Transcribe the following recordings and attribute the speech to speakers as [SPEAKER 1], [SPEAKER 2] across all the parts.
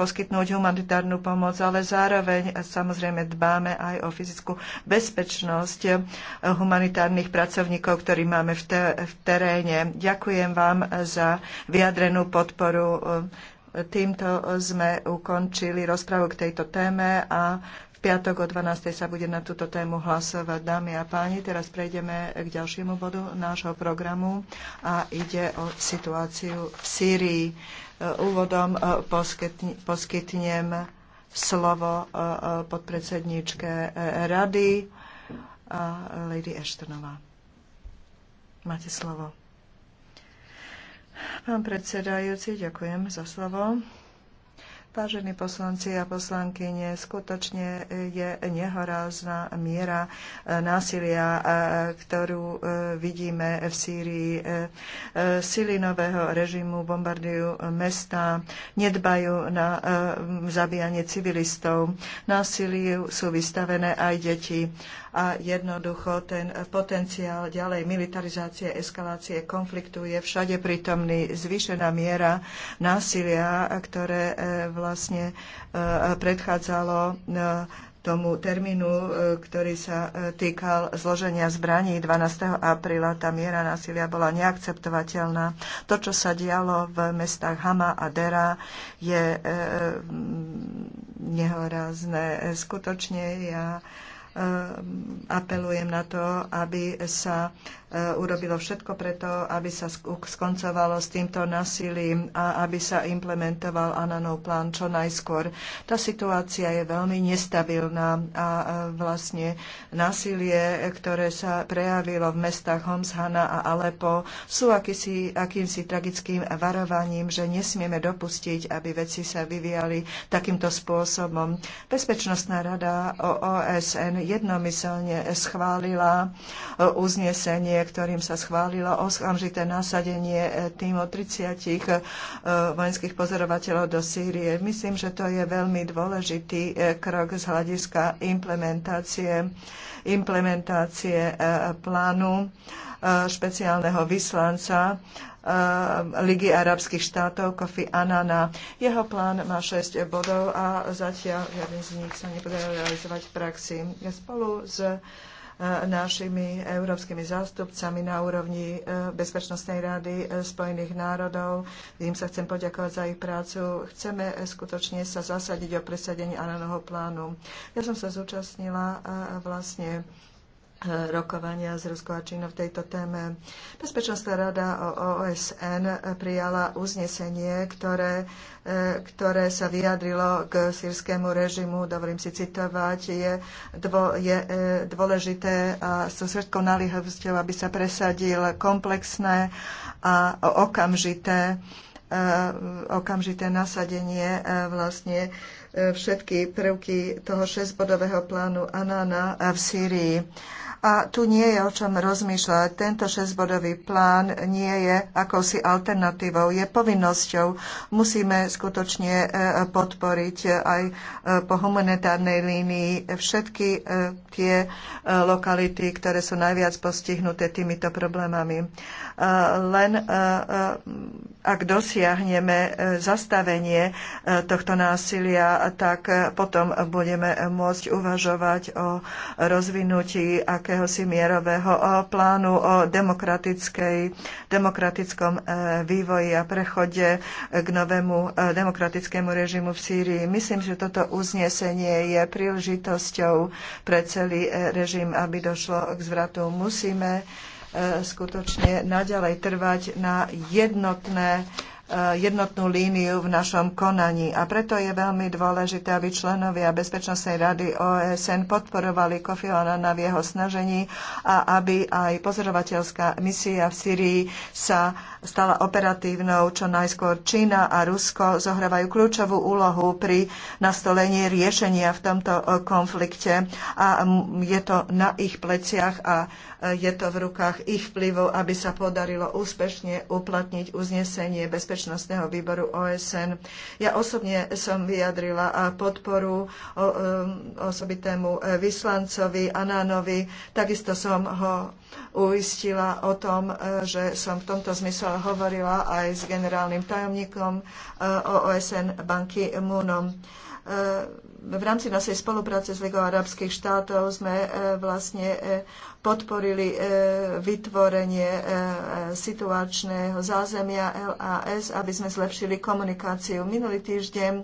[SPEAKER 1] poskytnúť humanitárnu pomoc, ale zároveň samozrejme dbáme aj o fyzickú bezpečnosť humanitárnych pracovníkov, ktorí máme v, te- v teréne. Ďakujem vám za vyjadrenú podporu. Týmto sme ukončili rozpravu k tejto téme a piatok o 12. sa bude na túto tému hlasovať. Dámy a páni, teraz prejdeme k ďalšiemu bodu nášho programu a ide o situáciu v Sýrii. Úvodom e, poskytnem slovo e, e, podpredsedníčke rady Lady Ashtonová. Máte slovo. Pán predsedajúci, ďakujem za slovo. Vážení poslanci a poslankyne, skutočne je nehorázna miera e, násilia, e, ktorú e, vidíme v Sýrii. Sily nového režimu bombardujú mesta, nedbajú na zabíjanie civilistov. Násiliu sú vystavené aj deti a jednoducho ten potenciál ďalej militarizácie, eskalácie konfliktu je všade prítomný. Zvýšená miera násilia, ktoré e, vlastne e, predchádzalo e, tomu termínu, ktorý sa týkal zloženia zbraní 12. apríla, tá miera násilia bola neakceptovateľná. To, čo sa dialo v mestách Hama a Dera, je e, nehorázne. Skutočne ja e, Ehm, apelujem na to, aby sa E, urobilo všetko preto, aby sa skoncovalo s týmto násilím a aby sa implementoval Ananov plán čo najskôr. Tá situácia je veľmi nestabilná a e, vlastne násilie, ktoré sa prejavilo v mestách Homs, Hana a Alepo, sú akýsi, akýmsi tragickým varovaním, že nesmieme dopustiť, aby veci sa vyvíjali takýmto spôsobom. Bezpečnostná rada OSN jednomyselne schválila e, uznesenie ktorým sa schválilo okamžité nasadenie e, týmu 30 e, vojenských pozorovateľov do Sýrie. Myslím, že to je veľmi dôležitý e, krok z hľadiska implementácie, implementácie plánu špeciálneho vyslanca Ligy arabských štátov Kofi Anana. Jeho plán má 6 bodov a zatiaľ žiaden z nich sa nepodarilo realizovať v praxi. Spolu s našimi európskymi zástupcami na úrovni e, Bezpečnostnej rady e, Spojených národov. Im sa chcem poďakovať za ich prácu. Chceme e, skutočne sa zasadiť o presadenie Ananovho plánu. Ja som sa zúčastnila vlastne rokovania s Ruskou a Čínou v tejto téme. Bezpečnostná rada OSN prijala uznesenie, ktoré, e, ktoré sa vyjadrilo k sírskému režimu, dovolím si citovať, je, dvo, je e, dôležité a so srdkou nalihovstvou, aby sa presadil komplexné a okamžité e, okamžité nasadenie vlastne všetky prvky toho šesťbodového plánu Anana v Sýrii. A tu nie je o čom rozmýšľať. Tento šesťbodový plán nie je akousi alternatívou, je povinnosťou. Musíme skutočne e, podporiť e, aj e, po humanitárnej línii všetky tie lokality, ktoré sú najviac postihnuté týmito problémami. Len ak dosiahneme zastavenie tohto násilia, tak potom budeme môcť uvažovať o rozvinutí aké akéhosi mierového plánu o demokratickom e, vývoji a prechode e, k novému e, demokratickému režimu v Sýrii. Myslím, že toto uznesenie je príležitosťou pre celý režim, aby došlo k zvratu. Musíme skutočne naďalej trvať na jednotné Eh, jednotnú líniu v našom konaní. A preto je veľmi dôležité, aby členovia Bezpečnostnej rady OSN podporovali Kofi Annana v jeho snažení a aby aj pozorovateľská misia v Syrii sa stala operatívnou čo najskôr. Čína a Rusko zohrávajú kľúčovú úlohu pri nastolení riešenia v tomto e, konflikte a je to na ich pleciach a e, je to v rukách ich vplyvu, aby sa podarilo úspešne uplatniť uznesenie Bezpečnostného výboru OSN. Ja osobne som vyjadrila e, podporu osobitému vyslancovi Anánovi. Takisto som ho uistila o tom, že som v tomto zmysle hovorila aj s generálnym tajomníkom eh, OSN Banky Moonom eh, v rámci našej spolupráce s Ligou arabských štátov sme eh, vlastne podporili vytvorenie situačného zázemia LAS, aby sme zlepšili komunikáciu. Minulý týždeň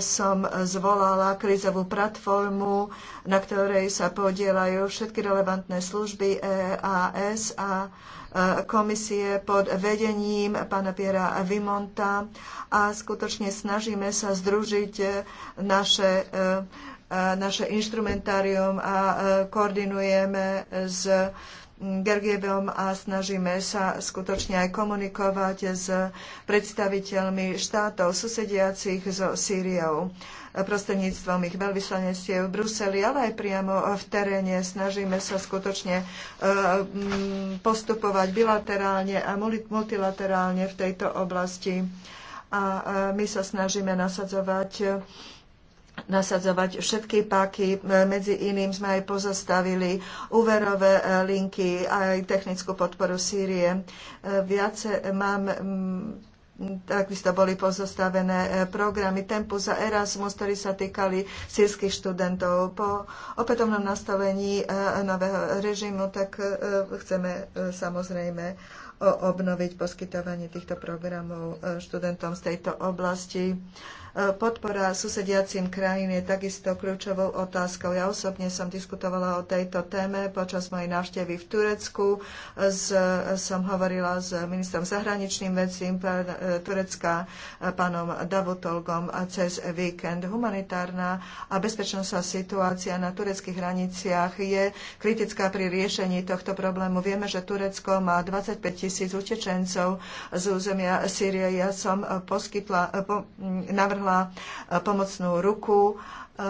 [SPEAKER 1] som zvolala krizovú platformu, na ktorej sa podielajú všetky relevantné služby EAS a e, komisie pod vedením pána Piera Vimonta a skutočne snažíme sa združiť e, naše e, naše inštrumentárium a koordinujeme s Gergievom a snažíme sa skutočne aj komunikovať s predstaviteľmi štátov susediacich so Sýriou prostredníctvom ich veľvyslanectiev v Bruseli, ale aj priamo v teréne. Snažíme sa skutočne e, postupovať bilaterálne a multilaterálne v tejto oblasti. A e, my sa snažíme nasadzovať nasadzovať všetky páky. E, medzi iným sme aj pozastavili úverové e, linky, a aj technickú podporu Sýrie. E, viace mám mm, takisto boli pozostavené programy Tempu za Erasmus, ktorí sa týkali sírskych študentov. Po opätovnom nastavení nového režimu, tak chceme samozrejme obnoviť poskytovanie týchto programov študentom z tejto oblasti. Podpora susediacim krajín je takisto kľúčovou otázkou. Ja osobne som diskutovala o tejto téme počas mojej návštevy v Turecku. S, som hovorila s ministrom zahraničným vecím e, Turecka, e, pánom Davutolgom cez víkend. Humanitárna a bezpečnostná situácia na tureckých hraniciach je kritická pri riešení tohto problému. Vieme, že Turecko má 25 tisíc utečencov z územia Sýrie. Ja som poskytla, navrhla ponúkla e, pomocnú ruku e, e,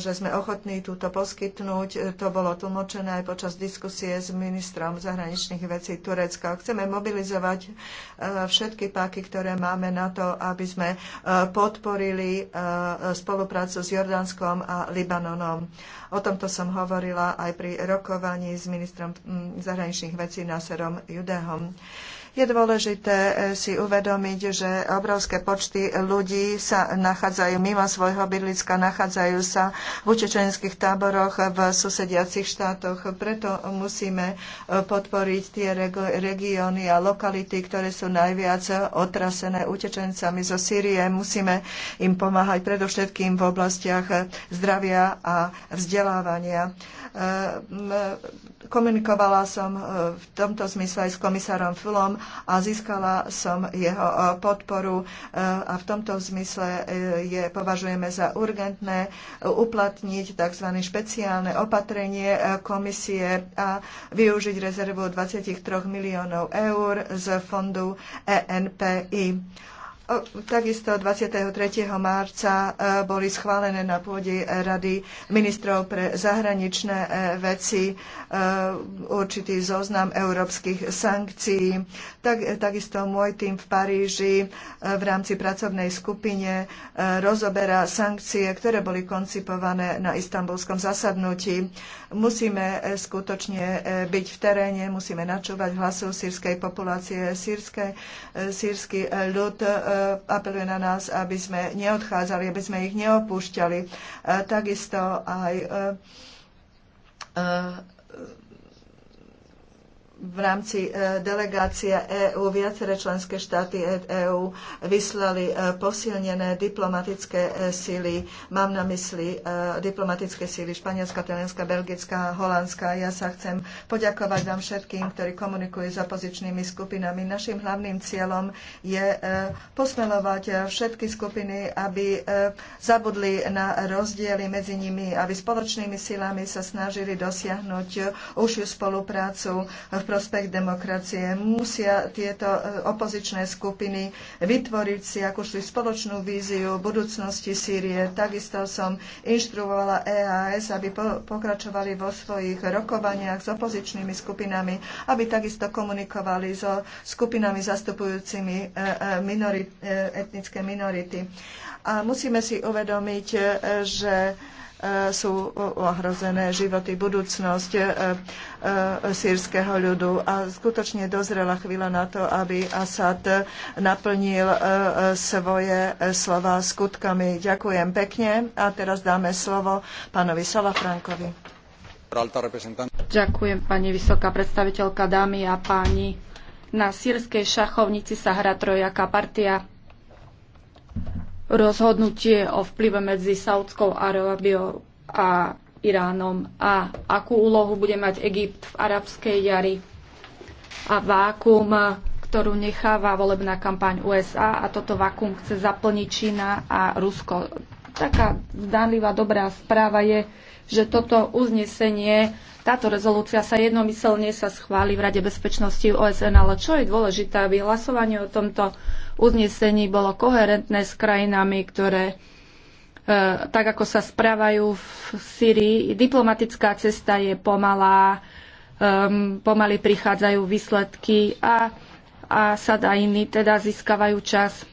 [SPEAKER 1] že sme ochotní túto poskytnúť. To bolo tlmočené aj počas diskusie s ministrom zahraničných vecí Turecka. Chceme mobilizovať všetky páky, ktoré máme na to, aby sme podporili spoluprácu s Jordánskom a Libanonom. O tomto som hovorila aj pri rokovaní s ministrom zahraničných vecí Naserom Judehom. Je dôležité eh, si uvedomiť, že obrovské počty ľudí sa nachádzajú mimo svojho bydliska, nachádzajú sa v utečenských táboroch v susediacich štátoch. Preto musíme eh, podporiť tie regióny a lokality, ktoré sú najviac otrasené utečencami zo Sýrie. Musíme im pomáhať predovšetkým v oblastiach eh, zdravia a vzdelávania. Komunikovala som v tomto zmysle aj s komisárom Fulom a získala som jeho eh, podporu eh, a v tomto zmysle eh, je, považujeme za urgentné uplatniť tzv. špeciálne opatrenie komisie a využiť rezervu 23 miliónov eur z fondu ENPI. Takisto 23. marca e, boli schválené na pôde Rady ministrov pre zahraničné e, veci e, určitý zoznam európskych sankcií. Tak, takisto môj tým v Paríži v rámci pracovnej skupine rozoberá sankcie, ktoré boli koncipované na istambulskom zasadnutí. Musíme skutočne byť v teréne, musíme načúvať hlasu sírskej populácie, sírsky ľud Eh, apeluje na nás, aby sme neodchádzali, aby sme ich neopúšťali. Eh, takisto aj eh, v rámci e, delegácie EÚ viaceré členské štáty EÚ vyslali e, posilnené diplomatické e, síly. Mám na mysli diplomatické síly Španielska, Talianska, Belgická, Holandska. Ja sa chcem poďakovať vám všetkým, ktorí komunikujú s opozičnými skupinami. Našim hlavným cieľom je posmelovať všetky skupiny, aby zabudli na rozdiely medzi nimi, aby spoločnými silami sa snažili dosiahnuť užšiu spoluprácu v prospech demokracie. Musia tieto e, opozičné skupiny vytvoriť si akúsi spoločnú víziu budúcnosti Sýrie. Takisto som inštruovala EAS, aby pokračovali vo svojich rokovaniach s opozičnými skupinami, aby takisto komunikovali so skupinami zastupujúcimi e, e, etnické minority. A musíme si uvedomiť, že sú ohrozené životy, budúcnosť e, e, sírskeho ľudu. A skutočne dozrela chvíľa na to, aby Asad naplnil e, svoje slova skutkami.
[SPEAKER 2] Ďakujem pekne a teraz dáme slovo pánovi Salafrankovi. Ďakujem pani vysoká predstaviteľka, dámy a páni. Na sírskej šachovnici sa hrá trojaká partia rozhodnutie o vplyve medzi Saudskou Arábiou a Iránom a akú úlohu bude mať Egypt v arabskej jari a vákum, ktorú necháva volebná kampaň USA a toto vákum chce zaplniť Čína a Rusko. Taká zdánlivá dobrá správa je, že toto uznesenie, táto rezolúcia sa jednomyselne sa schváli v Rade bezpečnosti OSN, ale čo je dôležité, aby hlasovanie o tomto uznesení bolo koherentné s krajinami, ktoré e, tak ako sa správajú v Syrii. Diplomatická cesta je pomalá, um, pomaly prichádzajú výsledky a, a Sad iní teda získavajú čas.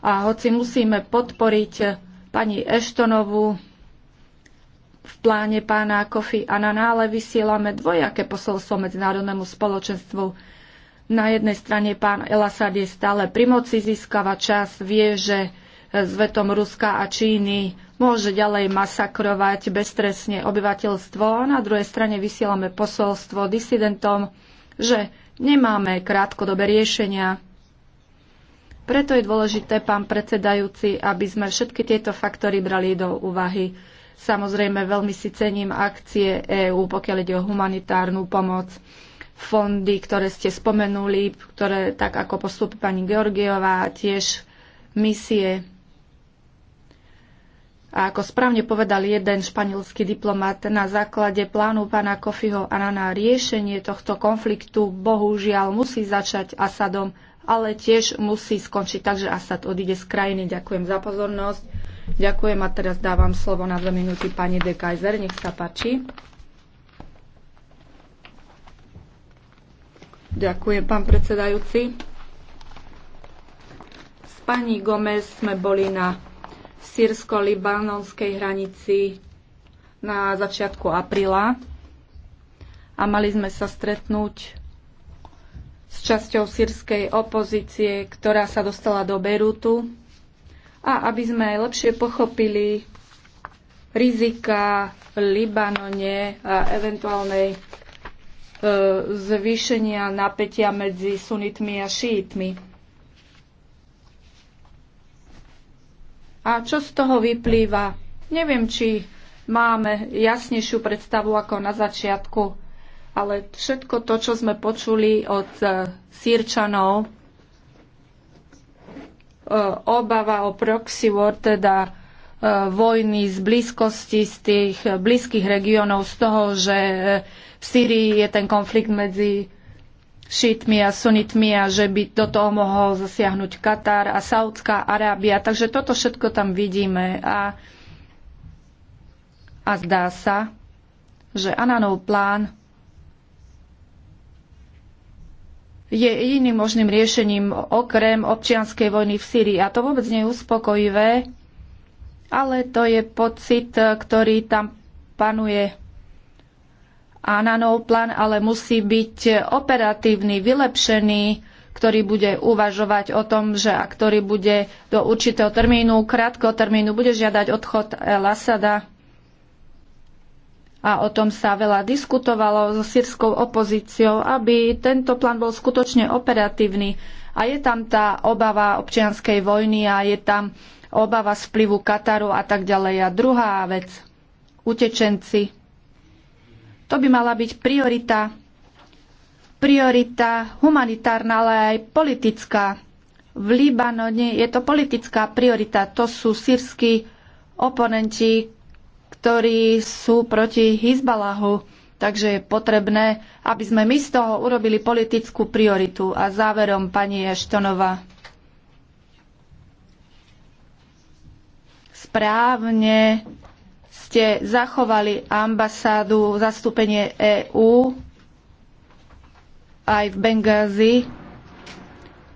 [SPEAKER 2] A hoci musíme podporiť pani Eštonovu, v pláne pána Kofi na nále vysielame dvojaké posolstvo medzinárodnému spoločenstvu. Na jednej strane pán Elasad je stále pri moci, získava čas, vie, že s vetom Ruska a Číny môže ďalej masakrovať beztresne obyvateľstvo a na druhej strane vysielame posolstvo disidentom, že nemáme krátkodobé riešenia. Preto je dôležité, pán predsedajúci, aby sme všetky tieto faktory brali do úvahy. Samozrejme, veľmi si cením akcie EÚ, pokiaľ ide o humanitárnu pomoc, fondy, ktoré ste spomenuli, ktoré tak ako postupí pani Georgiová, tiež misie. A ako správne povedal jeden španielský diplomat, na základe plánu pána Kofiho a na riešenie tohto konfliktu bohužiaľ musí začať Asadom ale tiež musí skončiť tak, že Asad odíde z krajiny. Ďakujem za pozornosť Ďakujem a teraz dávam slovo na dve minúty pani De Kaiser. Nech sa páči. Ďakujem, pán predsedajúci. S pani Gomez sme boli na sírsko-libanonskej hranici na začiatku apríla a mali sme sa stretnúť s časťou sírskej opozície, ktorá sa dostala do Berútu a aby sme lepšie pochopili rizika v Libanone a eventuálnej e, zvýšenia napätia medzi sunitmi a šíitmi. A čo z toho vyplýva? Neviem, či máme jasnejšiu predstavu ako na začiatku, ale všetko to, čo sme počuli od e, sírčanov, E, obava o proxy war, teda e, vojny z blízkosti, z tých blízkych regiónov, z toho, že e, v Syrii je ten konflikt medzi šítmi a sunitmi a že by do toho mohol zasiahnuť Katar a Saudská Arábia. Takže toto všetko tam vidíme a, a zdá sa, že Ananov plán je jediným možným riešením okrem občianskej vojny v Syrii. A to vôbec nie je uspokojivé, ale to je pocit, ktorý tam panuje. A na nov plán ale musí byť operatívny, vylepšený, ktorý bude uvažovať o tom, že a ktorý bude do určitého termínu, krátkoho termínu, bude žiadať odchod Lasada a o tom sa veľa diskutovalo so sírskou opozíciou, aby tento plán bol skutočne operatívny. A je tam tá obava občianskej vojny a je tam obava z vplyvu Kataru a tak ďalej. A druhá vec, utečenci. To by mala byť priorita, priorita humanitárna, ale aj politická. V Libanone je to politická priorita. To sú sírsky oponenti, ktorí sú proti Hizbalahu. Takže je potrebné, aby sme my z toho urobili politickú prioritu. A záverom, pani Eštonova. správne ste zachovali ambasádu, zastúpenie EÚ aj v Bengázi.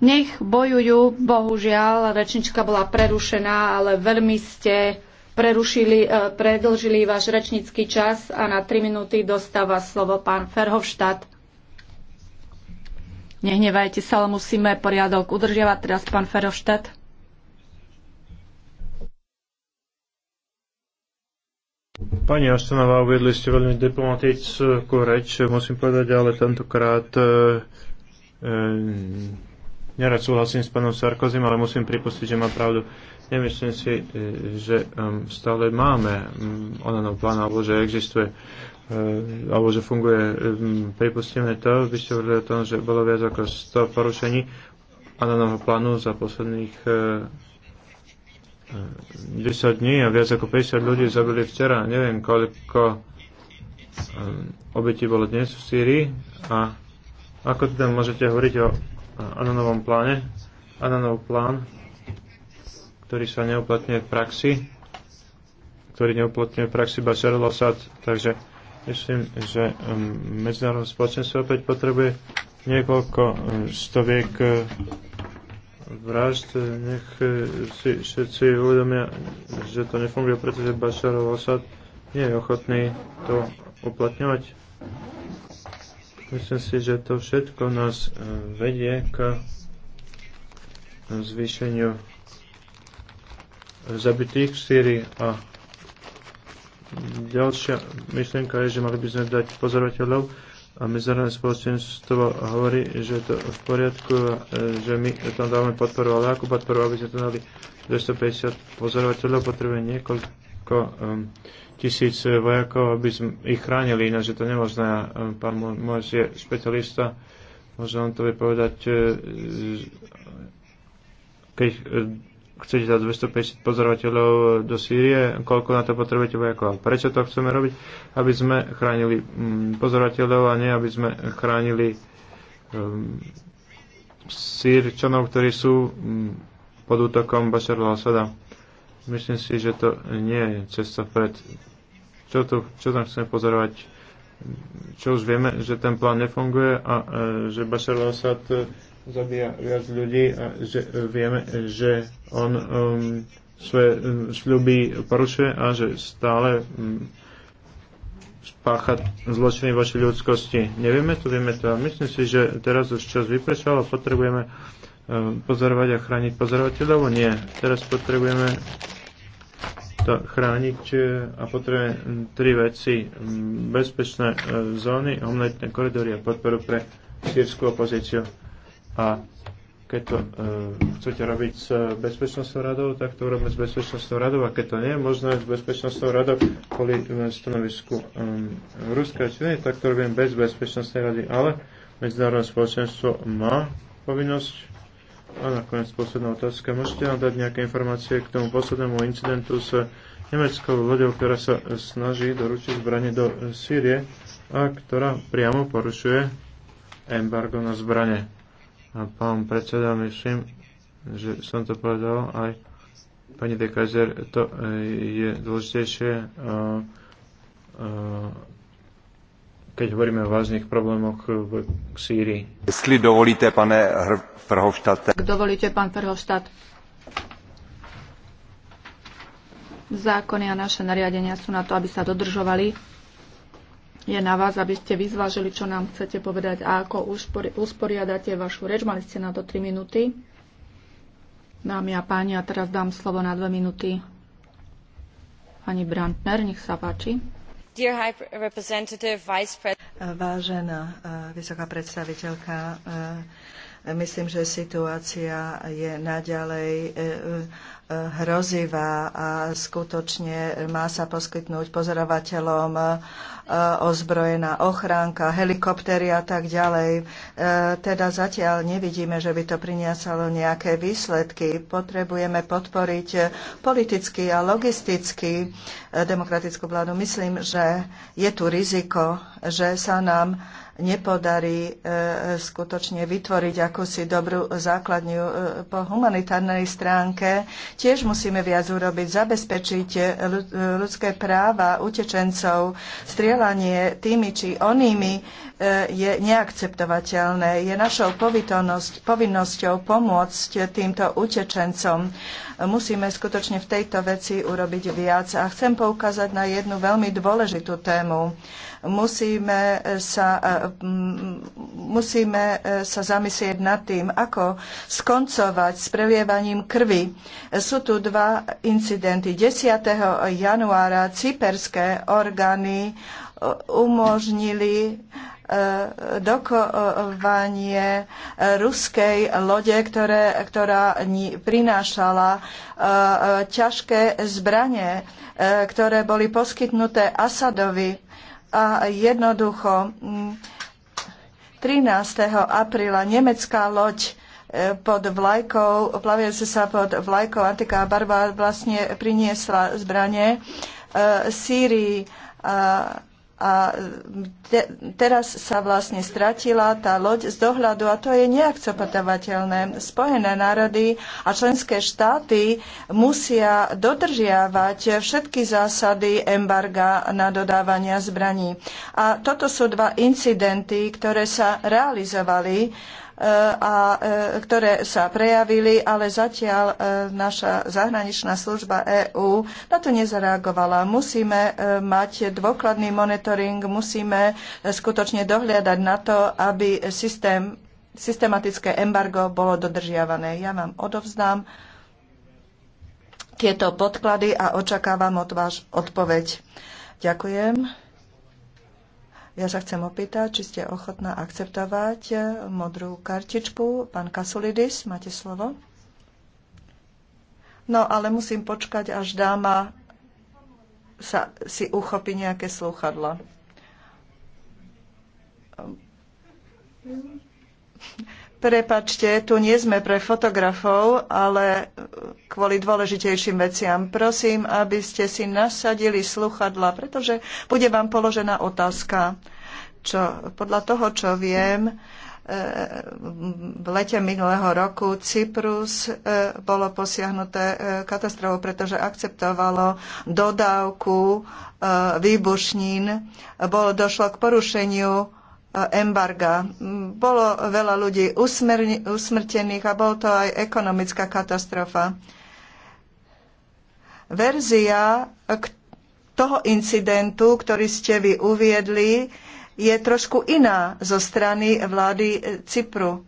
[SPEAKER 2] Nech bojujú, bohužiaľ, rečnička bola prerušená, ale veľmi ste prerušili, e, predlžili váš rečnícky čas a na 3 minúty dostáva slovo pán Ferhovštát. Nehnevajte sa, ale musíme poriadok udržiavať. Teraz pán Ferhovštát.
[SPEAKER 3] Pani Aštanová, uviedli ste veľmi diplomatickú reč, musím povedať, ale tentokrát e, e, nerad súhlasím s pánom Sarkozym, ale musím pripustiť, že má pravdu. E, Nemyslím si, e, že stále máme onanov plán, alebo že existuje e, alebo že funguje. Pripustíme to, vy ste hovorili o tom, že bolo viac ako 100 porušení onanovho plánu za posledných 10 e, dní a viac ako 50 ľudí zabili včera. Neviem, koľko obetí bolo dnes v Sýrii a ako teda môžete hovoriť o Ananovom pláne? Ananov plán ktorý sa neuplatňuje v praxi, ktorý neuplatňuje v praxi Bashar al-Assad. Takže myslím, že um, medzinárodné spoločenstvo opäť potrebuje niekoľko um, stoviek uh, vražd. Nech uh, si všetci uvedomia, že to nefunguje, pretože Bashar al-Assad nie je ochotný to uplatňovať. Myslím si, že to všetko nás uh, vedie k zvýšeniu zabitých v Syrii a ďalšia myšlienka je, že mali by sme dať pozorovateľov a medzinárodné spoločenstvo hovorí, že je to v poriadku, e, že my tam dávame podporu, ale akú podporu, aby sme tam dali 250 pozorovateľov, potrebuje niekoľko um, tisíc vojakov, aby sme ich chránili, ináč je to nemožné. Pán Môž je špecialista, možno on to vie povedať, e, keď e, chcete dať 250 pozorovateľov do Sýrie, koľko na to potrebujete vojakov. Prečo to chceme robiť? Aby sme chránili mm, pozorovateľov a nie aby sme chránili mm, Sýrčanov, ktorí sú mm, pod útokom Bashar al-Assada. Myslím si, že to nie je cesta pred. Čo, tu, čo tam chceme pozorovať? Čo už vieme, že ten plán nefunguje a e, že Bashar al-Assad e, zabíja viac ľudí a že vieme, že on um, svoje um, sľuby porušuje a že stále um, spáchať zločiny vašej ľudskosti. Nevieme to, vieme to. Myslím si, že teraz už čas vypršal a potrebujeme um, pozorovať a chrániť pozorovateľov. Nie. Teraz potrebujeme to chrániť a potrebujeme um, tri veci. Um, bezpečné uh, zóny, omletné koridory a podporu pre sírskú opozíciu. A keď to e, chcete robiť s e, bezpečnostnou radou, tak to robíme s bezpečnostnou radou. A keď to nie je možné s bezpečnostnou radou kvôli e, stanovisku e, Ruska či nie, tak to robím bez bezpečnostnej rady. Ale medzinárodné spoločenstvo má povinnosť. A nakoniec posledná otázka. Môžete nám dať nejaké informácie k tomu poslednému incidentu s nemeckou loďou, ktorá sa snaží doručiť zbranie do Sýrie a ktorá priamo porušuje embargo na zbranie pán predseda, myslím, že som to povedal aj pani Dekazer, to e, je dôležitejšie, e, e, keď hovoríme o vážnych problémoch v Sýrii. Jestli dovolíte, pane Verhofstadt.
[SPEAKER 2] dovolíte, pán Verhofstadt. Zákony a naše nariadenia sú na to, aby sa dodržovali je na vás, aby ste vyzvážili, čo nám chcete povedať a ako usporiadate vašu reč. Mali ste na to 3 minúty. Dámy a páni, a teraz dám slovo na 2 minúty pani Brandner, nech sa páči.
[SPEAKER 1] Vážená eh, vysoká predstaviteľka, eh, Myslím, že situácia je naďalej e, e, hrozivá a skutočne má sa poskytnúť pozorovateľom e, ozbrojená ochránka, helikoptery a tak ďalej. Teda zatiaľ nevidíme, že by to priniesalo nejaké výsledky. Potrebujeme podporiť politicky a logisticky demokratickú vládu. Myslím, že je tu riziko, že sa nám nepodarí e, skutočne vytvoriť akúsi dobrú základňu e, po humanitárnej stránke. Tiež musíme viac urobiť, zabezpečiť ľudské práva utečencov. Strieľanie tými či onými e, je neakceptovateľné. Je našou povinnosťou pomôcť týmto utečencom musíme skutočne v tejto veci urobiť viac. A chcem poukázať na jednu veľmi dôležitú tému. Musíme sa, e, musíme e, sa zamyslieť nad tým, ako skoncovať s prelievaním krvi. Sú tu dva incidenty. 10. januára cyperské orgány e, umožnili dokovanie e, ruskej lode, ktoré, ktorá prinášala e, ťažké zbranie, e, ktoré boli poskytnuté Asadovi. A jednoducho 13. apríla nemecká loď pod vlajkou, plaviace sa pod vlajkou Antika Barba vlastne priniesla zbranie Sýrii a te, teraz sa vlastne stratila tá loď z dohľadu a to je neakceptovateľné. Spojené národy a členské štáty musia dodržiavať všetky zásady embarga na dodávania zbraní. A toto sú dva incidenty, ktoré sa realizovali E, a, e, ktoré sa prejavili, ale zatiaľ e, naša zahraničná služba EÚ na to nezareagovala. Musíme mať dôkladný monitoring, musíme skutočne dohliadať na to, aby systém, systematické embargo bolo dodržiavané. Ja vám odovzdám tieto podklady a očakávam od váš odpoveď. Ďakujem. Ja sa chcem opýtať, či ste ochotná akceptovať eh, modrú kartičku. Pán Kasulidis, máte slovo. No, ale musím počkať, až dáma sa, si uchopí nejaké slúchadlo. Prepačte, tu nie sme pre fotografov, ale kvôli dôležitejším veciam. Prosím, aby ste si nasadili sluchadla, pretože bude vám položená otázka. Čo, podľa toho, čo viem, e, v lete minulého roku Cyprus e, bolo posiahnuté e, katastrofou, pretože akceptovalo dodávku výbušnín. Bolo, došlo k porušeniu embarga. Bolo veľa ľudí usmrtených a bol to aj ekonomická katastrofa. Verzia toho incidentu, ktorý ste vy uviedli, je trošku iná zo strany vlády Cypru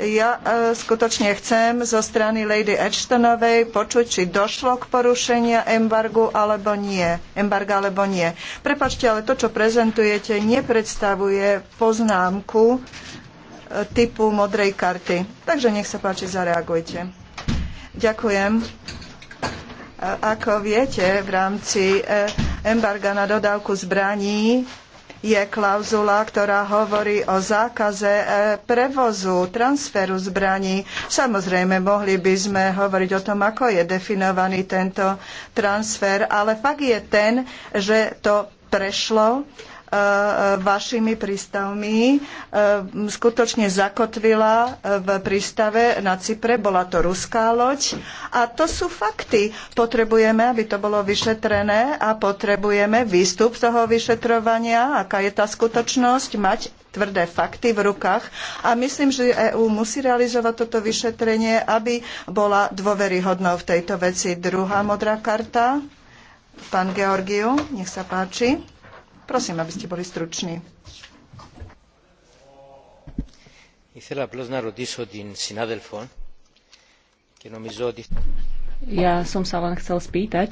[SPEAKER 1] ja e, skutočne chcem zo strany Lady Ashtonovej počuť, či došlo k porušenia embargu alebo nie. Embarga alebo nie. Prepačte, ale to, čo prezentujete, nepredstavuje poznámku e, typu modrej karty. Takže nech sa páči, zareagujte. Ďakujem. E, ako viete, v rámci embarga na dodávku zbraní je klauzula, ktorá hovorí o zákaze e, prevozu, transferu zbraní. Samozrejme, mohli by sme hovoriť o tom, ako je definovaný tento transfer, ale fakt je ten, že to prešlo E, vašimi prístavmi e, skutočne zakotvila e, v prístave na Cypre. Bola to ruská loď a to sú fakty. Potrebujeme, aby to bolo vyšetrené a potrebujeme výstup toho vyšetrovania, aká je tá skutočnosť, mať tvrdé fakty v rukách a myslím, že EÚ musí realizovať toto vyšetrenie, aby bola dôveryhodnou v tejto veci. Druhá modrá karta. Pán Georgiu, nech sa páči. Prosím, aby ste boli struční. Ja som
[SPEAKER 4] sa len chcel spýtať,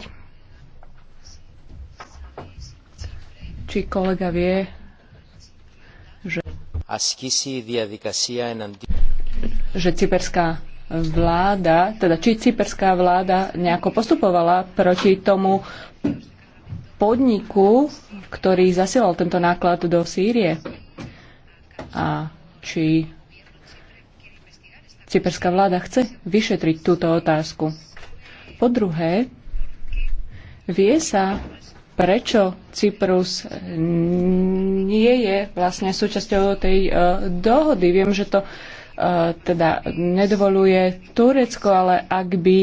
[SPEAKER 4] či kolega vie, že, že cyperská vláda, teda či cyperská vláda nejako postupovala proti tomu podniku, ktorý zasielal tento náklad do Sýrie. A či cyperská vláda chce vyšetriť túto otázku. Po druhé, vie sa, prečo Cyprus nie je vlastne súčasťou tej uh, dohody. Viem, že to uh, teda nedovoluje Turecko, ale ak by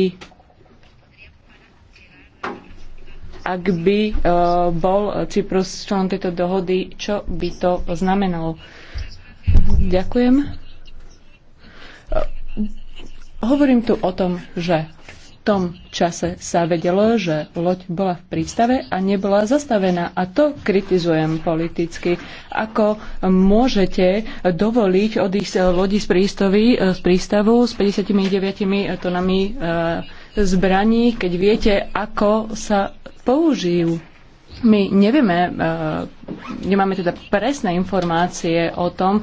[SPEAKER 4] ak by e, bol Cyprus člen tejto dohody, čo by to znamenalo? Ďakujem. E, hovorím tu o tom, že v tom čase sa vedelo, že loď bola v prístave a nebola zastavená. A to kritizujem politicky. Ako môžete dovoliť odísť lodi z, z prístavu s 59 tonami e, zbraní, keď viete, ako sa použijú. My nevieme, e, nemáme teda presné informácie o tom,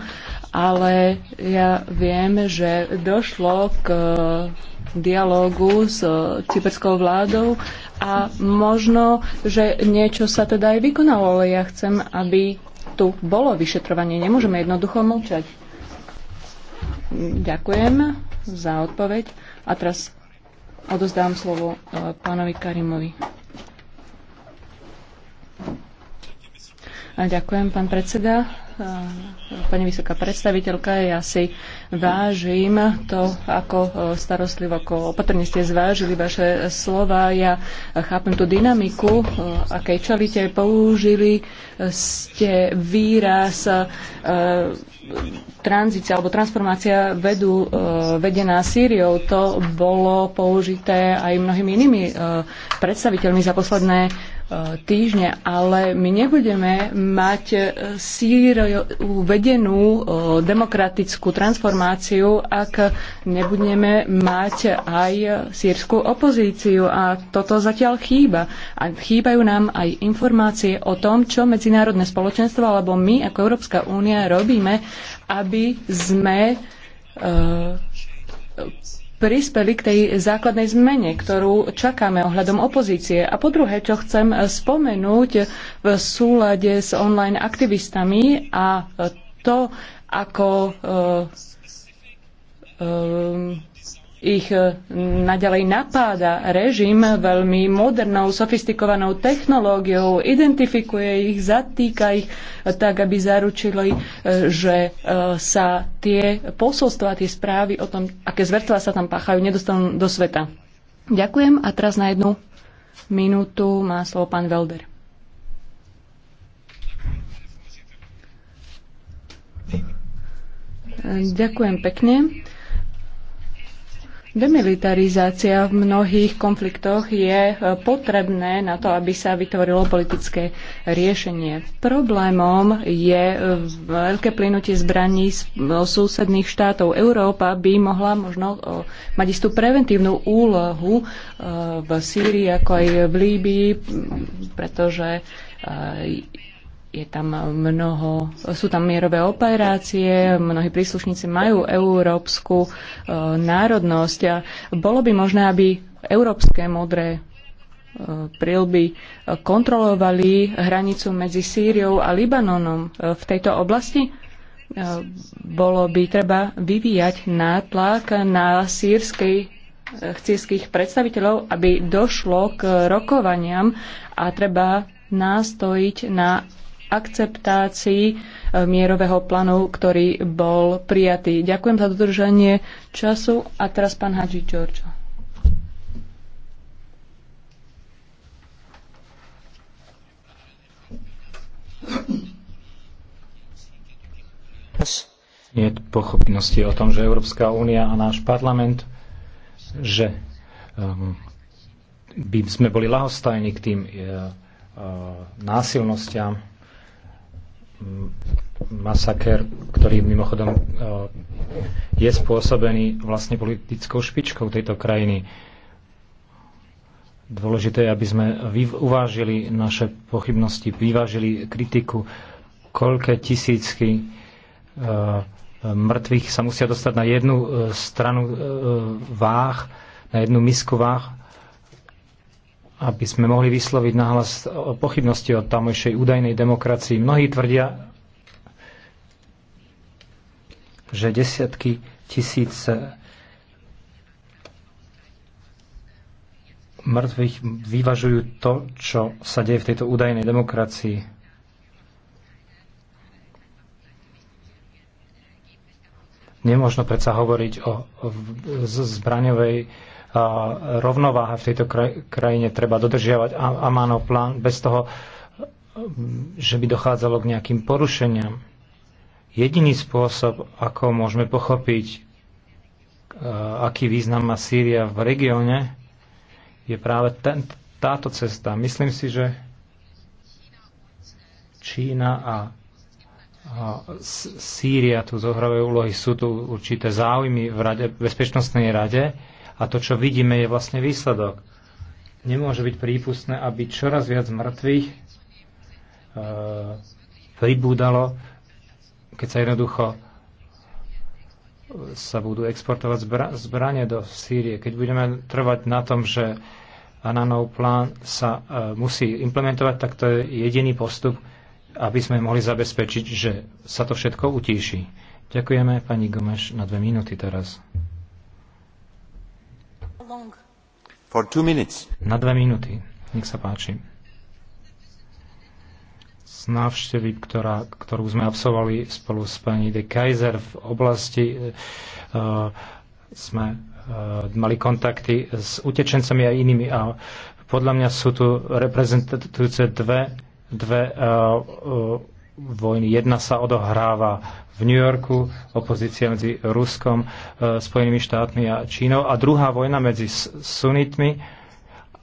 [SPEAKER 4] ale ja viem, že došlo k e, dialógu s cyperskou e, vládou a možno, že niečo sa teda aj vykonalo, ale ja chcem, aby tu bolo vyšetrovanie. Nemôžeme jednoducho mlčať. Ďakujem za odpoveď. A teraz odozdám slovo e, pánovi Karimovi. ďakujem, pán predseda. E, pani vysoká predstaviteľka, ja si vážim to, ako e, starostlivo, ako opatrne ste zvážili vaše slova. Ja chápem tú dynamiku, akej čelite, použili ste výraz tranzícia alebo transformácia vedu e, vedená Sýriou, to bolo použité aj mnohými inými e, predstaviteľmi za posledné týždne, ale my nebudeme mať e, síru vedenú e, demokratickú transformáciu, ak nebudeme mať aj sírskú opozíciu. A toto zatiaľ chýba. A chýbajú nám aj informácie o tom, čo medzinárodné spoločenstvo alebo my ako Európska únia robíme, aby sme uh, prispeli k tej základnej zmene, ktorú čakáme ohľadom opozície. A po druhé, čo chcem spomenúť v súlade s online aktivistami a to, ako um, ich e, naďalej napáda režim veľmi modernou, sofistikovanou technológiou, identifikuje ich, zatýka ich e, tak, aby zaručili, e, že sa tie posolstva, tie správy o tom, aké zvertla sa tam páchajú, nedostanú do sveta. Ďakujem a teraz na jednu minútu má slovo pán Velder. Ďakujem pekne. Demilitarizácia v mnohých konfliktoch je e, potrebné na to, aby sa vytvorilo politické riešenie. Problémom je e, veľké plynutie zbraní z e, susedných štátov. Európa by mohla možno mať istú preventívnu úlohu v Sýrii ako aj v Líbii, pretože je tam mnoho, sú tam mierové operácie, mnohí príslušníci majú európsku e, národnosť a bolo by možné, aby európske modré e, prilby kontrolovali hranicu medzi Sýriou a Libanonom e, v tejto oblasti? E, bolo by treba vyvíjať nátlak na sírskej chcírských e, predstaviteľov, aby došlo k rokovaniam a treba nástojiť na akceptácii e, mierového plánu, ktorý bol prijatý. Ďakujem za dodržanie času a teraz pán Hadži Čorčo.
[SPEAKER 5] Nie je pochopnosti o tom, že Európska únia a náš parlament, že um, by sme boli lahostajní k tým uh, násilnostiam, masaker, ktorý mimochodom e, je spôsobený vlastne politickou špičkou tejto krajiny. Dôležité je, aby sme uvážili naše pochybnosti, vyvážili kritiku, koľké tisícky e, mŕtvych sa musia dostať na jednu e, stranu váh, na jednu misku váh aby sme mohli vysloviť nahlas o pochybnosti o tamojšej údajnej demokracii. Mnohí tvrdia, že desiatky tisíc mŕtvych vyvažujú to, čo sa deje v tejto údajnej demokracii. Nemôžno predsa hovoriť o zbraňovej rovnováha v tejto krajine treba dodržiavať Amánov plán bez toho, že by dochádzalo k nejakým porušeniam. Jediný spôsob, ako môžeme pochopiť, e, aký význam má Sýria v regióne, je práve ten, táto cesta. Myslím si, že Čína a, a Sýria tu zohrávajú úlohy, sú tu určité záujmy v rade, v Bezpečnostnej rade, a to, čo vidíme, je vlastne výsledok. Nemôže byť prípustné, aby čoraz viac mŕtvych e, pribúdalo, keď sa jednoducho sa budú exportovať zbra- zbranie do Sýrie. Keď budeme trvať na tom, že Ananov plán sa e, musí implementovať, tak to je jediný postup, aby sme mohli zabezpečiť, že sa to všetko utíši. Ďakujeme pani Gomeš na dve minúty teraz. Na dve minúty. Nech sa páči. Z návštevy, ktorá, ktorú sme absolvovali spolu s pani de Kaiser v oblasti, uh, sme uh, mali kontakty s utečencami a inými. A podľa mňa sú tu reprezentujúce dve, dve uh, uh, vojny. Jedna sa odohráva v New Yorku, opozícia medzi Ruskom, e, Spojenými štátmi a Čínou a druhá vojna medzi sunitmi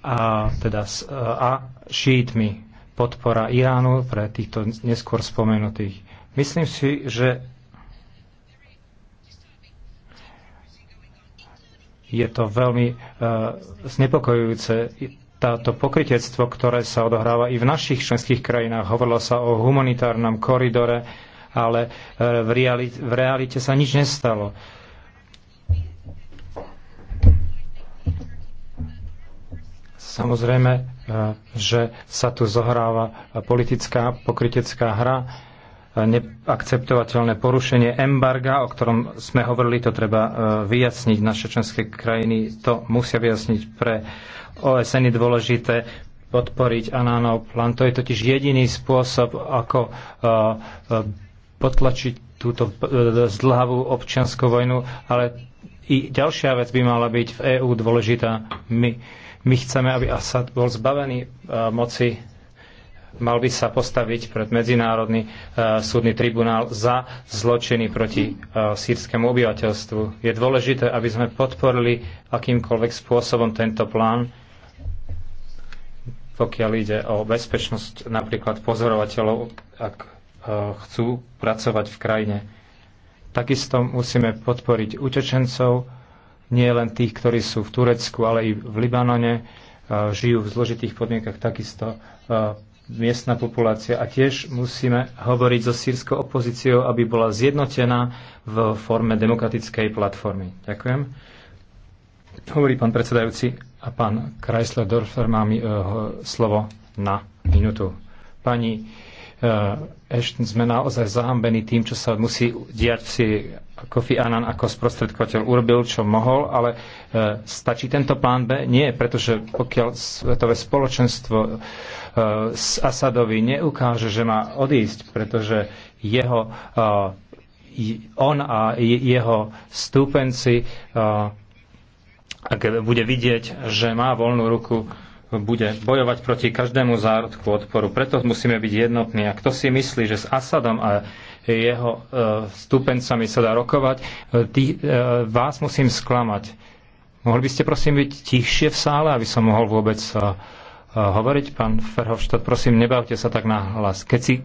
[SPEAKER 5] a, teda, e, a šítmi. Podpora Iránu pre týchto neskôr spomenutých. Myslím si, že je to veľmi uh, znepokojujúce táto pokrytectvo, ktoré sa odohráva i v našich členských krajinách. Hovorilo sa o humanitárnom koridore, ale e, v realite, v realite sa nič nestalo. Samozrejme, e, že sa tu zohráva politická pokrytecká hra neakceptovateľné porušenie embarga, o ktorom sme hovorili, to treba e, vyjasniť. Naše členské krajiny to musia vyjasniť pre OSN je dôležité podporiť Anánov plán. To je totiž jediný spôsob, ako e, e, potlačiť túto zdlhavú občianskú vojnu, ale i ďalšia vec by mala byť v EÚ dôležitá. My, my chceme, aby Assad bol zbavený moci mal by sa postaviť pred Medzinárodný e, súdny tribunál za zločiny proti e, sírskému obyvateľstvu. Je dôležité, aby sme podporili akýmkoľvek spôsobom tento plán, pokiaľ ide o bezpečnosť napríklad pozorovateľov, ak e, chcú pracovať v krajine. Takisto musíme podporiť utečencov, nie len tých, ktorí sú v Turecku, ale i v Libanone, žijú v zložitých podmienkach, takisto miestna populácia. A tiež musíme hovoriť so sírskou opozíciou, aby bola zjednotená v forme demokratickej platformy. Ďakujem. Hovorí pán predsedajúci a pán Kreisler Dorfer má mi e, slovo na minútu. Pani Eh, Ashton sme naozaj zahambení tým, čo sa musí diať si Kofi Annan ako sprostredkovateľ urobil, čo mohol, ale eh, stačí tento plán B? Nie, pretože pokiaľ svetové spoločenstvo eh, s Asadovi neukáže, že má odísť, pretože jeho on a jeho stúpenci ak bude vidieť, že má voľnú ruku bude bojovať proti každému zárodku odporu. Preto musíme byť jednotní. A kto si myslí, že s Asadom a jeho e, stupencami sa dá rokovať, e, tý, e, vás musím sklamať. Mohli by ste prosím byť tichšie v sále, aby som mohol vôbec hovoriť, pán Ferhovštát, prosím, nebavte sa tak nahlas. Keď si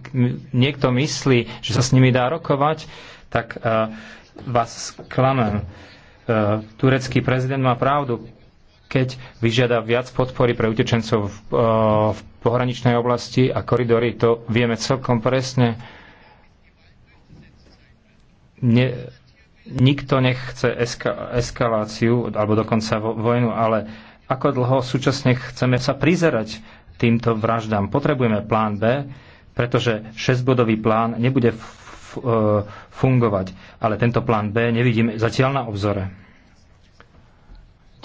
[SPEAKER 5] niekto myslí, že sa s nimi dá rokovať, tak e, vás sklamem. Uh, turecký prezident má pravdu keď vyžiada viac podpory pre utečencov v, eh, v pohraničnej oblasti a koridory, to vieme celkom presne. Ne, nikto nechce eska, eskaláciu alebo dokonca vo, vojnu, ale ako dlho súčasne chceme sa prizerať týmto vraždám. Potrebujeme plán B, pretože šestbodový plán nebude eh, fungovať, ale tento plán B nevidíme zatiaľ na obzore.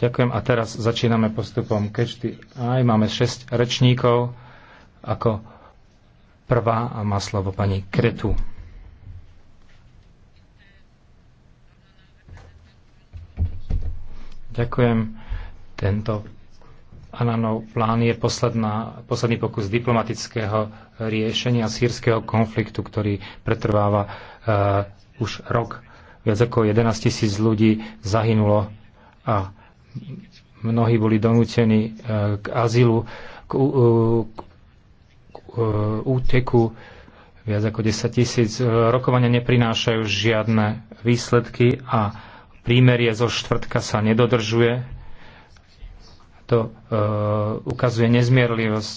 [SPEAKER 5] Ďakujem a teraz začíname postupom kečty. Aj máme 6 rečníkov. Ako prvá a má slovo pani Kretu. Ďakujem. Tento Ananov plán je posledná, posledný pokus diplomatického riešenia sírskeho konfliktu, ktorý pretrváva uh, už rok. Viac ako 11 tisíc ľudí zahynulo a Mnohí boli donútení e, k azylu, k, e, e, úteku viac ako 10 tisíc. Rokovania neprinášajú žiadne výsledky a prímerie zo štvrtka sa nedodržuje. To uh, ukazuje nezmierlivosť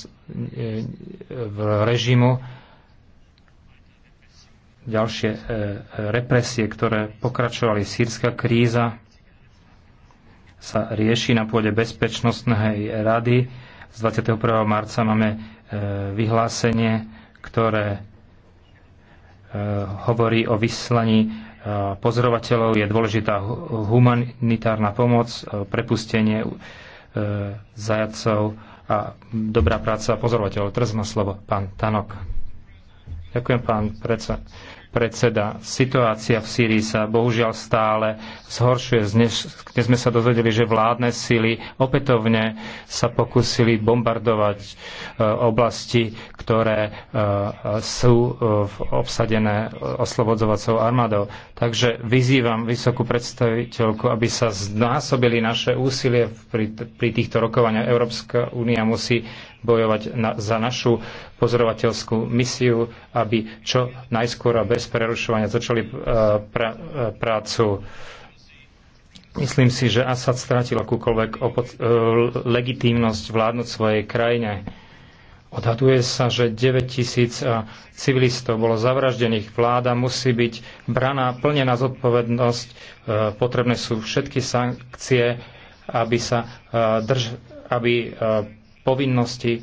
[SPEAKER 5] v režimu. Ďalšie represie, ktoré pokračovali sírska kríza, sa rieši na pôde Bezpečnostnej rady. Z 21. marca máme e, vyhlásenie, ktoré e, hovorí o vyslaní e, pozorovateľov. Je dôležitá humanitárna pomoc, prepustenie zajacov a dobrá práca pozorovateľov. Teraz má slovo pán Tanok. Ďakujem, pán predsa predseda. Situácia v Sýrii sa bohužiaľ stále zhoršuje. Dnes, sme sa dozvedeli, že vládne síly opätovne sa pokúsili bombardovať e, oblasti, ktoré e, sú e, obsadené oslobodzovacou armádou. Takže vyzývam vysokú predstaviteľku, aby sa znásobili naše úsilie pri, pri týchto rokovaniach. Európska únia musí bojovať na, za našu pozorovateľskú misiu, aby čo najskôr a bez bez prerušovania začali e, pra, e, prácu. Myslím si, že Assad strátil akúkoľvek opod- e, legitímnosť vládnuť svojej krajine. Odhaduje sa, že 9 tisíc civilistov bolo zavraždených. Vláda musí byť braná plne na zodpovednosť. Potrebné sú všetky sankcie, aby sa drž, aby povinnosti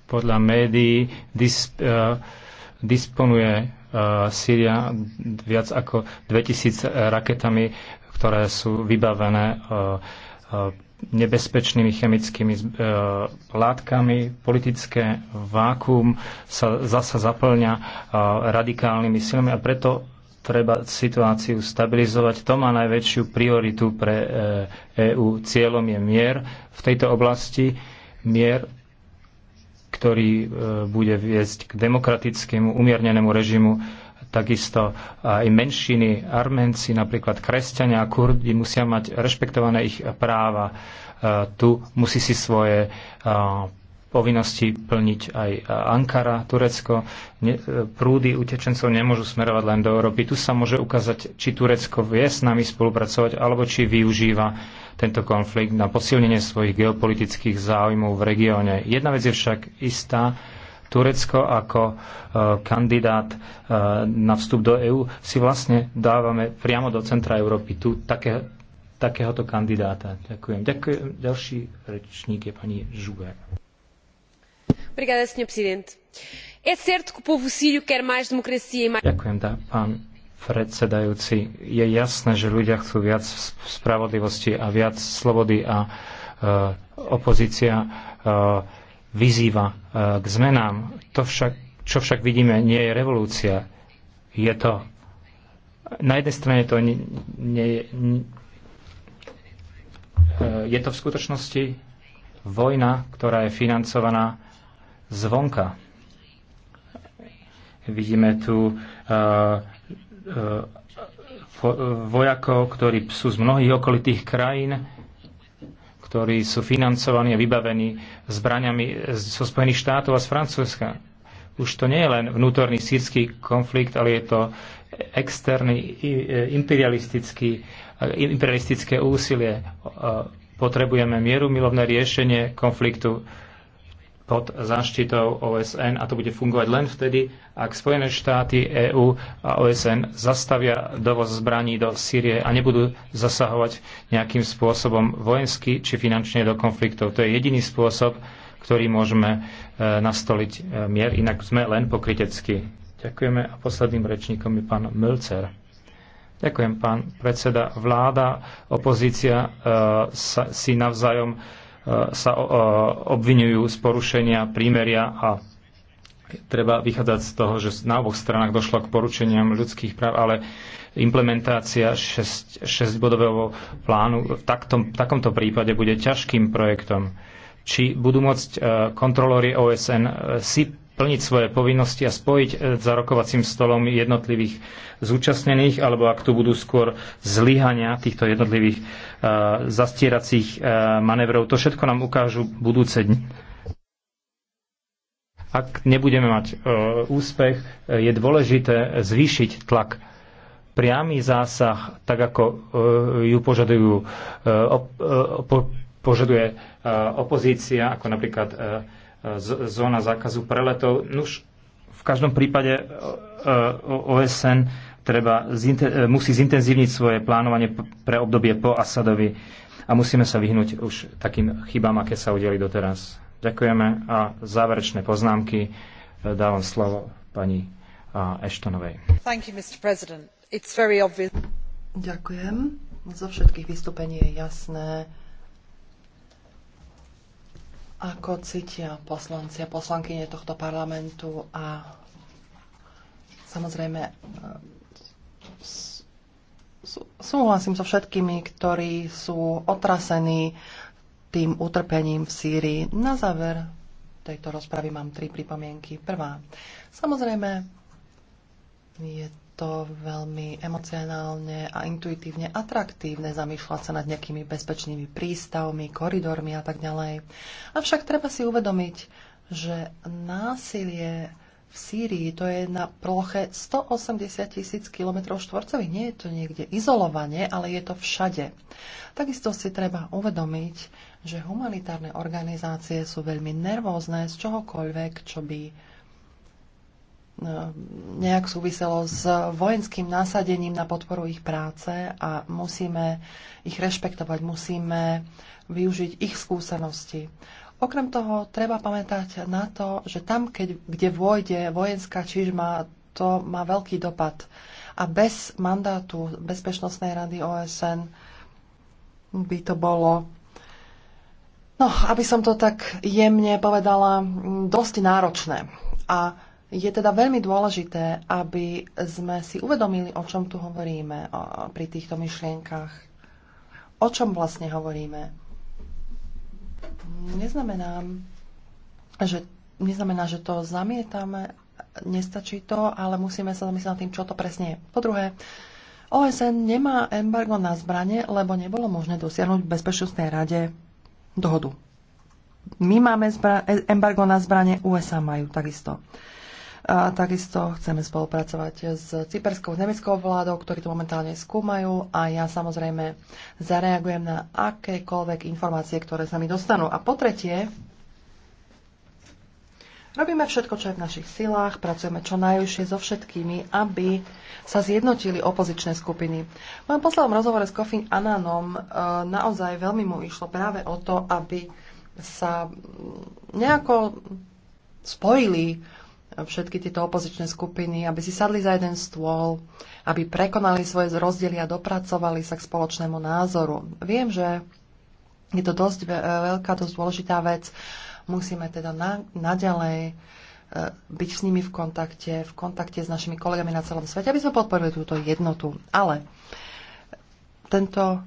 [SPEAKER 5] podľa médií disp, uh, eh, disponuje uh, eh, Syria viac ako 2000 raketami, ktoré sú vybavené uh, uh, nebezpečnými chemickými e, látkami. Politické vákuum sa zasa zaplňa e, radikálnymi silami a preto treba situáciu stabilizovať. To má najväčšiu prioritu pre EÚ. E Cieľom je mier v tejto oblasti. Mier ktorý e, bude viesť k demokratickému, umiernenému režimu. Takisto aj menšiny, Arménci, napríklad kresťania a kurdi musia mať rešpektované ich práva. E, tu musí si svoje e, povinnosti plniť aj Ankara, Turecko. Prúdy utečencov nemôžu smerovať len do Európy. Tu sa môže ukázať, či Turecko vie s nami spolupracovať, alebo či využíva tento konflikt na posilnenie svojich geopolitických záujmov v regióne. Jedna vec je však istá, Turecko ako e, kandidát e, na vstup do EÚ si vlastne dávame priamo do centra Európy tu také, takéhoto kandidáta. Ďakujem. Ďakujem. Ďalší rečník je pani Žuber.
[SPEAKER 2] Obrigada, senhor presidente. É certo que o povo sírio quer mais democracia e mais...
[SPEAKER 5] Ďakujem, pán predsedajúci. Je jasné, že ľudia chcú viac spravodlivosti a viac slobody a e, opozícia e, vyzýva e, k zmenám. To však, čo však vidíme, nie je revolúcia. Je to na jednej strane to nie, nie, nie, je to v skutočnosti vojna, ktorá je financovaná zvonka. Vidíme tu uh, vojakov, ktorí sú z mnohých okolitých krajín, ktorí sú financovaní a vybavení zbraniami zo Spojených štátov a z Francúzska. Už to nie je len vnútorný sírsky konflikt, ale je to externý e, imperialistický, e, imperialistické úsilie. E, potrebujeme mieru milovné riešenie konfliktu pod záštitou OSN a to bude fungovať len vtedy, ak Spojené štáty, EÚ a OSN zastavia dovoz zbraní do Sýrie a nebudú zasahovať nejakým spôsobom vojensky či finančne do konfliktov. To je jediný spôsob, ktorý môžeme e, nastoliť e, mier, inak sme len pokrytecky. Ďakujeme a posledným rečníkom je pán Mölcer. Ďakujem, pán predseda. Vláda, opozícia e, sa, si navzájom sa e, obvinujú z porušenia prímeria a treba vychádzať z toho, že na oboch stranách došlo k poručeniam ľudských práv, ale implementácia 6-bodového plánu v, taktom, v takomto prípade bude ťažkým projektom. Či budú môcť e, kontrolóri OSN e, si plniť svoje povinnosti a spojiť e, za rokovacím stolom jednotlivých zúčastnených, alebo ak tu budú skôr zlyhania týchto jednotlivých uh, zastieracích uh, manévrov. To všetko nám ukážu budúce dni. Ak nebudeme mať uh, úspech, je dôležité zvýšiť tlak priamy zásah, tak ako uh, ju požadujú, uh, op, uh, po, požaduje uh, opozícia, ako napríklad uh, zóna zákazu preletov. Nuž, v každom prípade e, e, OSN treba, e, musí zintenzívniť svoje plánovanie pre obdobie po Asadovi a musíme sa vyhnúť už takým chybám, aké sa udeli doteraz. Ďakujeme a záverečné poznámky dávam slovo pani Eštonovej.
[SPEAKER 6] Ďakujem. Zo všetkých vystúpení je jasné, ako cítia poslanci a poslankyne tohto parlamentu a samozrejme e, súhlasím so všetkými, ktorí sú otrasení tým utrpením v Sýrii. Na záver tejto rozpravy mám tri pripomienky. Prvá. Samozrejme, je to veľmi emocionálne a intuitívne atraktívne zamýšľať sa nad nejakými bezpečnými prístavmi, koridormi a tak ďalej. Avšak treba si uvedomiť, že násilie v Sýrii to je na ploche 180 tisíc km štvorcových. Nie je to niekde izolovanie, ale je to všade. Takisto si treba uvedomiť, že humanitárne organizácie sú veľmi nervózne z čohokoľvek, čo by nejak súviselo s vojenským násadením na podporu ich práce a musíme ich rešpektovať, musíme využiť ich skúsenosti. Okrem toho treba pamätať na to, že tam, keď, kde vôjde vojenská čižma, to má veľký dopad. A bez mandátu Bezpečnostnej rady OSN by to bolo No, aby som to tak jemne povedala, dosť náročné. A je teda veľmi dôležité, aby sme si uvedomili, o čom tu hovoríme o, pri týchto myšlienkach. O čom vlastne hovoríme. Neznamená, že, neznamená, že to zamietame, nestačí to, ale musíme sa zamyslieť nad tým, čo to presne je. Po druhé, OSN nemá embargo na zbranie, lebo nebolo možné dosiahnuť v Bezpečnostnej rade dohodu. My máme e- embargo na zbranie, USA majú takisto. A takisto chceme spolupracovať s cyperskou, nemeckou vládou, ktorí to momentálne skúmajú a ja samozrejme zareagujem na akékoľvek informácie, ktoré sa mi dostanú. A po tretie, Robíme všetko, čo je v našich silách, pracujeme čo najúžšie so všetkými, aby sa zjednotili opozičné skupiny. V mojom poslednom rozhovore s Kofin Ananom e, naozaj veľmi mu išlo práve o to, aby sa nejako spojili všetky tieto opozičné skupiny, aby si sadli za jeden stôl, aby prekonali svoje rozdiely a dopracovali sa k spoločnému názoru. Viem, že je to dosť veľká, dosť dôležitá vec. Musíme teda na, naďalej e, byť s nimi v kontakte, v kontakte s našimi kolegami na celom svete, aby sme podporili túto jednotu. Ale tento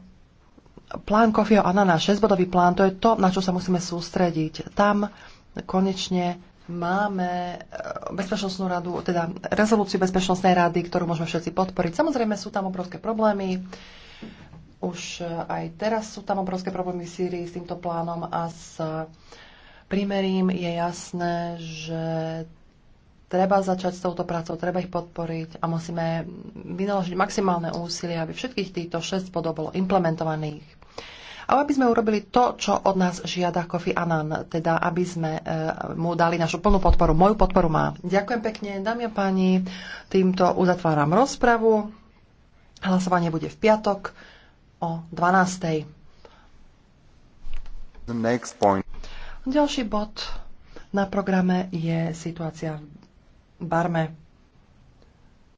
[SPEAKER 6] plán Kofio Anana, 6-bodový plán, to je to, na čo sa musíme sústrediť. Tam konečne máme e, bezpečnostnú radu, teda rezolúciu bezpečnostnej rady, ktorú môžeme všetci podporiť. Samozrejme sú tam obrovské problémy. Už e, aj teraz sú tam obrovské problémy v Sýrii s týmto plánom a s primerím je jasné, že treba začať s touto prácou, treba ich podporiť a musíme vynaložiť maximálne úsilie, aby všetkých týchto šest bodov bolo implementovaných a aby sme urobili to, čo od nás žiada Kofi Annan, teda aby sme e, mu dali našu plnú podporu. Moju podporu má. Ďakujem pekne, dámy a páni. Týmto uzatváram rozpravu. Hlasovanie bude v piatok o 12. The next point. Ďalší bod na programe je situácia v Barme.